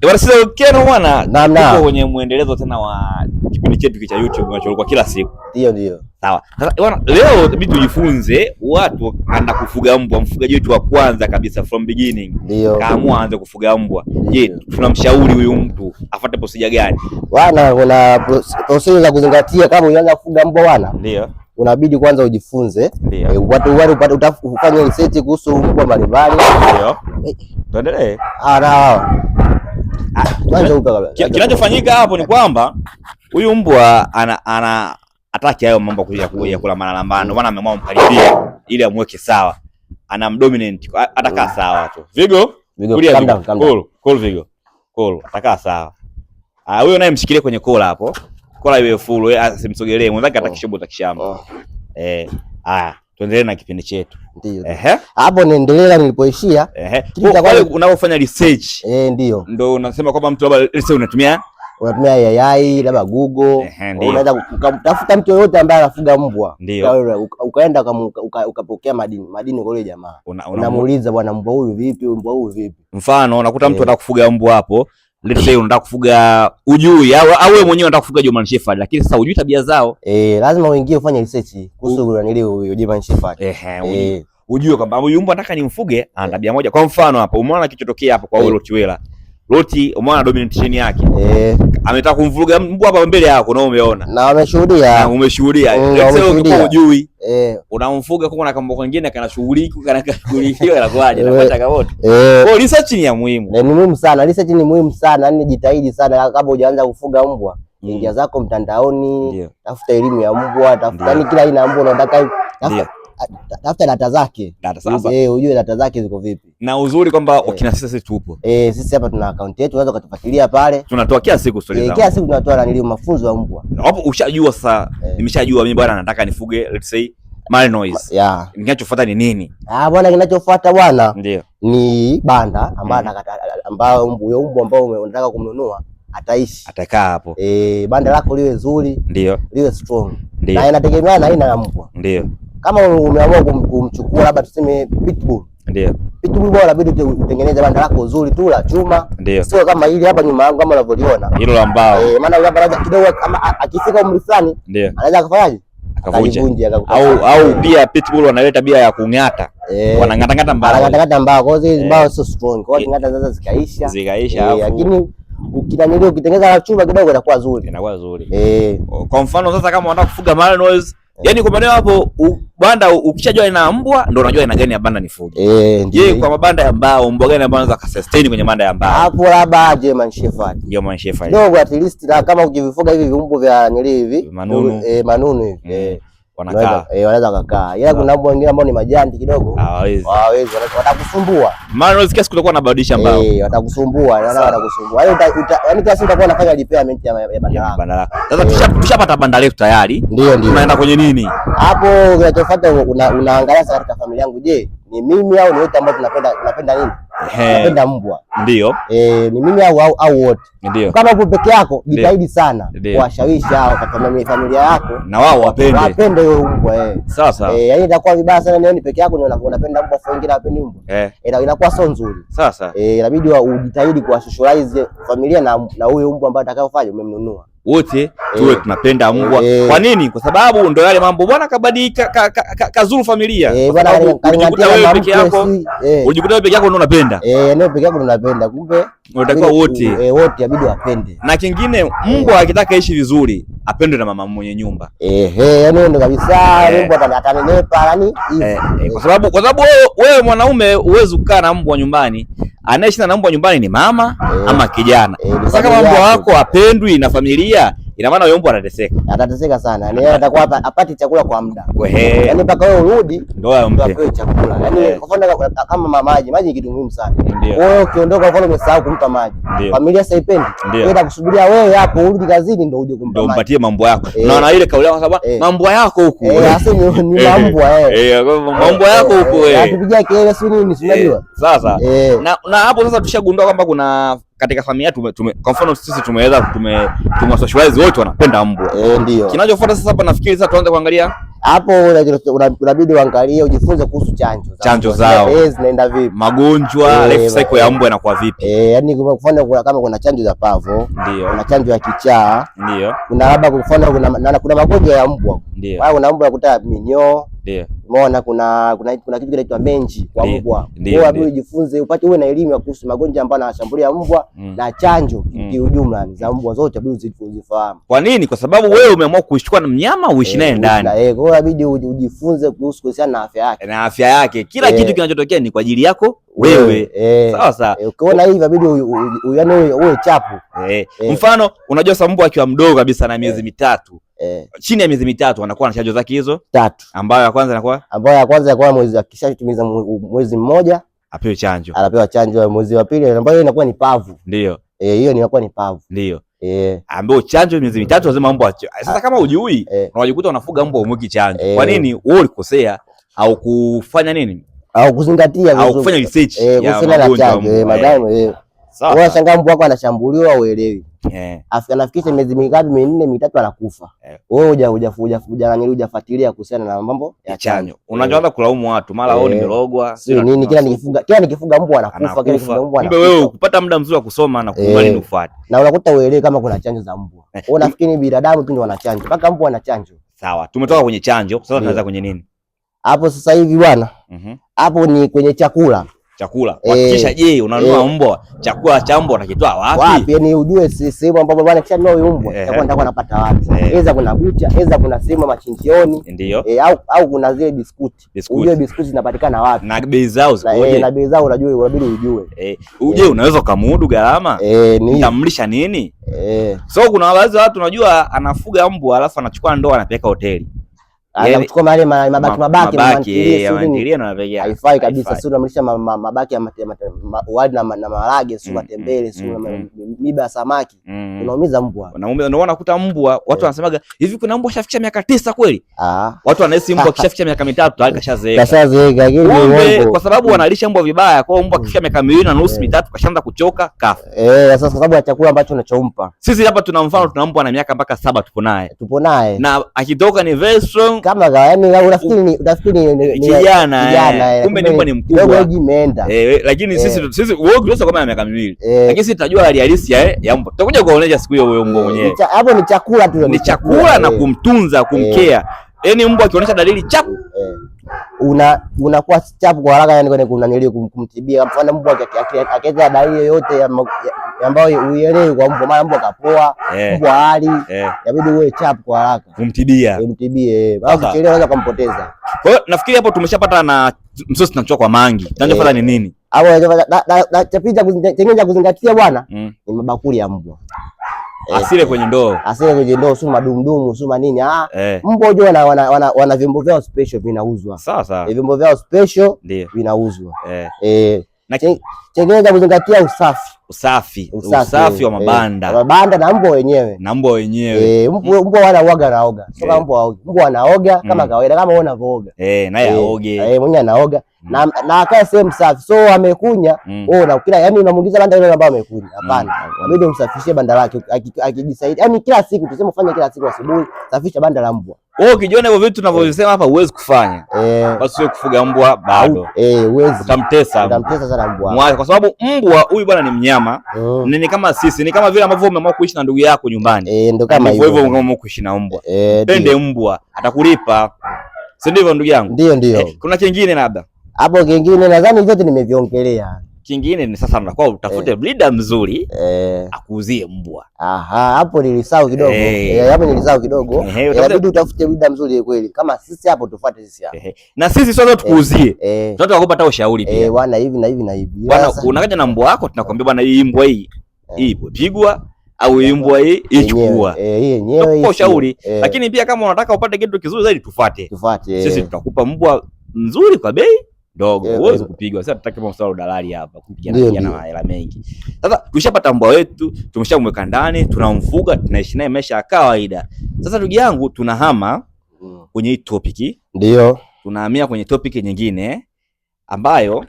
Eh, bwana kwenye mwendelezo tena wa kipindi chetu cha YouTube unacholikuwa kila siku. Ndio ndio. Sawa. Sasa bwana leo mimi tujifunze watu anda kufuga mbwa, mfugaji wetu wa kwanza kabisa from beginning. Kaamua aanze kufuga mbwa. Je, tunamshauri huyu mtu afuate procedure gani? Bwana kuna procedure za kuzingatia kama unaanza kufuga mbwa bwana. Ndio. Unabidi kwanza ujifunze eh, upate upate utafanya research kuhusu mbwa mbalimbali. Ndio. Eh. Tuendelee. Ah, ah. Kinachofanyika hapo ni kwamba huyu mbwa ana, ana ataki hayo mambo ya kula malalambano, ndio maana ameamua mkaribia ili amweke sawa, ana mdominate atakaa mm. sawa tu. Vigo Vigo atakaa sawa, Ah, huyo naye mshikilie kwenye kola hapo, kola iwe full, asimsogelee mwenzake oh. atakishobo takishamba. Oh. Eh, haya tuendelee na kipindi chetu. Ndio. Hapo niendelea nilipoishia. Ehe. unaofanya research. Eh, ndio. Ndio unasema kwamba mtu labda unatumia unatumia yayai labda Google, unaweza ukamtafuta mtu yoyote ambaye anafuga mbwa, ukaenda ukapokea madini madini kwa yule jamaa, unamuuliza bwana, mbwa huyu vipi? Mbwa huyu vipi? Mfano unakuta mtu eh. anakufuga mbwa hapo let's say unataka kufuga ujui au au wewe mwenyewe unataka kufuga German Shepherd, lakini sasa ujui tabia zao eh, lazima uingie ufanye research kuhusu ile huyo German Shepherd eh, e. ujue kwamba huyu mbwa nataka nimfuge ana tabia moja. Kwa mfano hapo umeona kichotokea hapo kwa e. huyo Rottweiler Loti umeona domination yake. Eh. Ametaka kumvuruga yaani mbwa hapa mbele yako na umeona. Na umeshuhudia na Umeshuhudia. Mm, sasa. say uko ujui Eh. Unamfuga kwa na kambo kingine kana shughuliki kana kushughulikiwa na eh. napata kaboti Eh. Kwa research ni ya muhimu. Ni muhimu sana. Research ni muhimu sana. Yaani jitahidi sana kabla hujaanza kufuga mbwa. Mm. Ingia zako mtandaoni, tafuta elimu ya mbwa, tafuta yani kila aina ya mbwa unataka. Tafuta tafuta data zake, eh, ujue data zake ziko vipi, na uzuri kwamba eh. wakina sisi sisi tupo eh, sisi hapa tuna akaunti yetu, unaweza kutufuatilia pale, tunatoa kila siku stories eh, zangu, kila siku tunatoa mafunzo ya mbwa hapo. Ushajua sasa, eh. nimeshajua mimi bwana, nataka nifuge let's say Malinois. Yeah. Kinachofuata ni nini? Ah, bwana kinachofuata bwana. Ndio. Ni banda ambayo mm. ambayo huyo mbwa ambao unataka kumnunua ataishi. Atakaa hapo. Eh, banda lako liwe zuri. Ndio. Liwe strong. Ndio. Na inategemeana aina ya mbwa. Ndio kama umeamua kumchukua labda tuseme pitbull ndio pitbull bora, inabidi utengeneze banda lako uzuri tu la chuma, sio kama hili hapa nyuma yangu kama unavyoliona hilo la mbao eh, maana hapa baraza kidogo kama akifika umri fulani anaweza kufanyaje? akavunja au au pia pitbull wanaleta tabia ya kung'ata eh, wanang'atang'ata mbao wanang'atang'ata mbao, kwa hiyo eh. mbao sio strong, kwa hiyo eh. ng'ata zaza zikaisha zikaisha, eh, lakini ukitanyelea ukitengeneza la chuma kidogo itakuwa nzuri, inakuwa nzuri eh. Kwa mfano sasa kama wanataka kufuga Malinois Yaani kwa maneno hapo banda ukishajua ina mbwa ndio unajua ina gani ya banda ni fujo. Eh, je, kwa mabanda ya mbao mbwa gani ambayo anaweza sustain kwenye banda ya mbao? Hapo labda German Ndio German Shepherd. Dogo at least kama ukivifuga hivi viumbo vya nili hivi. Manunu. Eh, manunu hivi. Mm. Eh wanakaa eh, wanaweza kukaa, ila kuna mambo wengine ambao ni majandi kidogo, hawawezi hawawezi, watakusumbua. Maana unasikia siku utakuwa unabadilisha mbao eh, watakusumbua na watakusumbua, yaani yaani utakuwa unafanya repairment ya banda lako. Sasa eh. tushapata banda letu tayari, ndio ndio, tunaenda kwenye nini hapo? Kinachofuata unaangalia sasa katika familia yangu, je, ni mimi au ni wote ambao tunapenda tunapenda nini napenda mbwa ndio, eh, ni mimi au au au wote. Ndio kama upo peke yako, jitahidi sana kuwashawishi hao katika familia yako, na wao wapende wapende huyo mbwa eh. Sasa eh, yaani itakuwa vibaya sana nioni peke yako niona unapenda mbwa kwa wengine hawapendi mbwa eh, e, inakuwa sio nzuri. Sasa eh, inabidi ujitahidi kuwasocialize familia na na huyo mbwa ambaye atakayofanya umemnunua wote tuwe eh. tunapenda mbwa. Eh. Kwa nini? Kwa sababu ndo yale mambo bwana, kabadilika ka, ka, ka, kazuru familia eh, unajikuta wewe peke yako, unajikuta wewe peke yako ndio unapenda eh, ndio peke yako unapenda, kumbe unatakiwa wote eh, wote yabidi wapende. Na kingine mbwa akitaka ishi vizuri apendwe na mama mwenye nyumba eh, yani ndio kabisa, mbwa atanenepa yani, kwa sababu kwa sababu wewe mwanaume huwezi kukaa na mbwa nyumbani anayeshinda na mbwa nyumbani ni mama eh. ama kijana. Eh, Sasa kama mbwa wako apendwi na familia Ina maana yule mbwa anateseka. Atateseka sana. Yaani yeye atakuwa hapa apati chakula kwa muda. Yaani mpaka wewe urudi ndio ampe chakula. Yaani kwa mfano kama maji, maji ni kitu muhimu sana. Wewe ukiondoka kwa mfano umesahau kumpa maji. Familia saipendi. Wewe atakusubiria wewe hapo urudi kazini ndio uje kumpa maji. Ndio mpatie mambo yako. Eh. Na na ile kauli yako sababu eh. mambo yako huko. Eh, asi ni ni eh. mambo eh. Eh, mambo yako huko wewe. Atupigia kelele sio nini, unajua. Sasa. Na Na hapo sasa tushagundua kwamba kuna katika familia tume, tume, kwa mfano sisi tumeweza tume, socialize wote wanapenda mbwa eh, ndio kinachofuata sasa. Hapa nafikiri sasa tuanze kuangalia hapo, unabidi uangalie ujifunze kuhusu chanjo chanjo zao eh, zinaenda vipi, magonjwa e, life cycle ya mbwa inakuwa vipi eh, yani kwa mfano kama kuna chanjo za pavo ndio, kuna chanjo ya kichaa ndio, kuna labda kwa mfano kuna, kuna magonjwa ya mbwa ndio, kuna mbwa ya minyoo Umeona kuna kuna, kuna kitu kinaitwa menji kwa mbwa. Wewe abidi ujifunze upate uwe na elimu ya kuhusu magonjwa ambayo yanashambulia mbwa mm. na chanjo mm. kiujumla za mbwa zote abidi uzifahamu. Kwa nini? Kwa sababu wewe umeamua kuishikwa na mnyama uishi naye eh, ndani. Eh, kwa hiyo abidi ujifunze kuhusu kuhusiana na afya yake. Na afya yake. Kila e. kitu kinachotokea ni kwa ajili yako wewe. E. Sawa sawa. E. Ukiona hivi abidi yaani uwe chapu. E. E. Mfano unajua sasa mbwa akiwa mdogo kabisa na miezi e. mitatu eh, chini ya miezi mitatu anakuwa na chanjo zake hizo tatu, ambayo ya kwanza anakuwa ambayo ya kwanza anakuwa mwezi akishatimiza mwezi mmoja apewe chanjo, anapewa chanjo mwezi wa pili, ambayo inakuwa ni pavu. Ndio eh, hiyo inakuwa ni pavu, ndio eh, ambayo chanjo miezi mitatu lazima mbwa. Sasa kama hujui eh, unajikuta unafuga mbwa umweki chanjo eh. Kwa nini wewe ulikosea au kufanya nini au kuzingatia au kufanya research eh, ya magonjwa eh, eh. Unashangaa mbwa wako anashambuliwa, uelewi. Eh. Afika nafikisha miezi mingapi minne mitatu anakufa. Wewe huja uja uja huja nani hujafuatilia kuhusiana na mambo ya chanjo. Unajua hata kulaumu watu, mara wao nimerogwa. Sio nini kila nikifunga kila nikifunga mbwa anakufa, kila nikifunga mbwa anakufa. Kumbe wewe ukupata muda mzuri wa kusoma na kujua nini ufuate. Na unakuta uelewi kama kuna chanjo za mbwa. Wewe nafikiri binadamu tu ndio wana chanjo. Paka mbwa ana chanjo. Sawa. Tumetoka kwenye chanjo, sasa tunaanza kwenye nini? Hapo sasa hivi bwana. Mhm. Hapo ni kwenye chakula chakula kuhakikisha. Eh, je, unanunua eh. mbwa, chakula cha mbwa unakitoa wapi? Wapi ni yaani ujue sehemu ambapo bwana kisha nunua huyu mbwa eh. chakula ndio anapata wapi? Aidha kuna bucha, aidha kuna sehemu machinjioni, ndio au au kuna zile biskuti, ujue biskuti zinapatikana wapi na bei zao zikoje, na bei zao unajua, unabidi ujue eh, uje unaweza kumudu gharama eh, utamlisha nini eh. So kuna baadhi ya watu unajua anafuga mbwa alafu anachukua ndoo anapeleka hoteli anachukua yani, mali mabaki mabaki eh, na haifai kabisa, sio unamlisha mabaki ya wali na marage, sio mm, matembele, mm, sio mm, miba ya samaki, unaumiza mbwa. unaumiza. Ndio unakuta mbwa, watu eh. wanasemaga hivi, kuna mbwa shafikisha miaka tisa kweli? Ah. Watu wanahisi mbwa kishafikisha miaka mitatu tayari kashazeeka, kashazeeka, kwa sababu wanalisha mbwa vibaya. Kwa hiyo mbwa kisha miaka miwili na nusu eh. mitatu kashaanza kuchoka, kafa. Eh, sasa kwa sababu ya chakula ambacho unachompa. Sisi hapa tuna mfano, tuna mbwa na miaka mpaka saba tupo naye, tupo naye na akitoka ni very strong kama kawaida, unafikiri ni unafikiri ni kijana, eh. kumbe ni umri ni mkubwa imeenda. Eh, eh lakini eh. sisi sisi wewe unaweza kama miaka miwili, lakini sisi tutajua hali halisi ya ya mbwa. Tutakuja kuonyesha siku hiyo wewe mbwa mwenyewe. Hapo ni chakula tu, ni chakula na kumtunza kumkea Yaani mbwa akionyesha dalili chapu eh, una unakuwa chapu kwa haraka, yani kuna kunanili kumtibia. mfano mbwa akiweka dalili yoyote ambayo uielewi kwa mbwa, mara mbwa kapoa, eh. mbwa hali yabidi eh. uwe chapu kwa haraka kumtibia, kumtibie, basi, eh. chelewa unaweza kumpoteza. Kwa hiyo nafikiri hapo tumeshapata na msosi tunachukua kwa mangi, tunachofanya ni nini? Au cha pili cha kuzingatia bwana mm. ni mabakuli ya mbwa. Eh, asile kwenye ndoo, asile kwenye ndoo, sio madumdumu, sio manini. Ah, eh. mbwa unajua wana, wana, wana, wana vyombo vyao special vinauzwa. sawa. Eh, vyombo vyao special vinauzwa eh, eh na chengine cha kuzingatia usafi usafi usafi wa mabanda mabanda na mbwa wenyewe na mbwa wenyewe. Mbwa wana uoga na oga, sio kama mbwa mbwa anaoga kama mm. kawaida, kama wewe unavooga eh, naye aoge eh, mwenye anaoga Mm. na, na akae sehemu safi, so amekunya mm. oh, na kila yani unamuingiza banda ile ambayo amekunya mm. hapana, mm. mm. umsafishie banda lake akijisaidia, yani kila siku tuseme, fanya kila siku asubuhi, safisha banda la mbwa. Wewe ukijiona hivyo vitu tunavyosema hapa huwezi kufanya. Eh. Basi wewe kufuga mbwa bado. Eh, huwezi. Utamtesa. Utamtesa sana mbwa. mwa, kwa sababu mbwa huyu bwana ni mnyama. Mm. Ni kama sisi, ni kama vile ambavyo umeamua kuishi na ndugu yako nyumbani. Eh, ndio kama hivyo. Hivyo umeamua kuishi na mbwa. Eh, pende mbwa, atakulipa. Si ndivyo ndugu yangu? Ndio ndio. Eh, kuna kingine labda hapo kingine nadhani vyote nimeviongelea. Kingine ni sasa unakuwa utafute eh. breeder mzuri eh, akuuzie mbwa. Aha, hapo nilisahau kidogo. Eh, eh hapo nilisahau kidogo. Eh, inabidi utafute breeder mzuri kweli. Kama sisi hapo tufuate sisi hapo. Na sisi sasa tukuuzie. Tunataka kukupa hata ushauri pia. Eh, bwana hivi na hivi na hivi. Bwana unakaja na mbwa wako tunakwambia bwana hii mbwa hii. Hii pigwa au hii mbwa hii ichukua hii yenyewe kwa ushauri, lakini pia kama unataka upate kitu kizuri zaidi tufuate. Tufuate. Sisi tutakupa mbwa mzuri kwa bei ndogo huwezi uweze kupigwa. Sasa tutaki kama msala dalali hapa na yeah, na hela mengi. Sasa tushapata mbwa wetu, tumeshamweka ndani, tunamfuga, tunaishi naye maisha ya kawaida. Sasa ndugu yangu, tunahama mm. kwenye hii topic, ndio tunahamia kwenye topic nyingine ambayo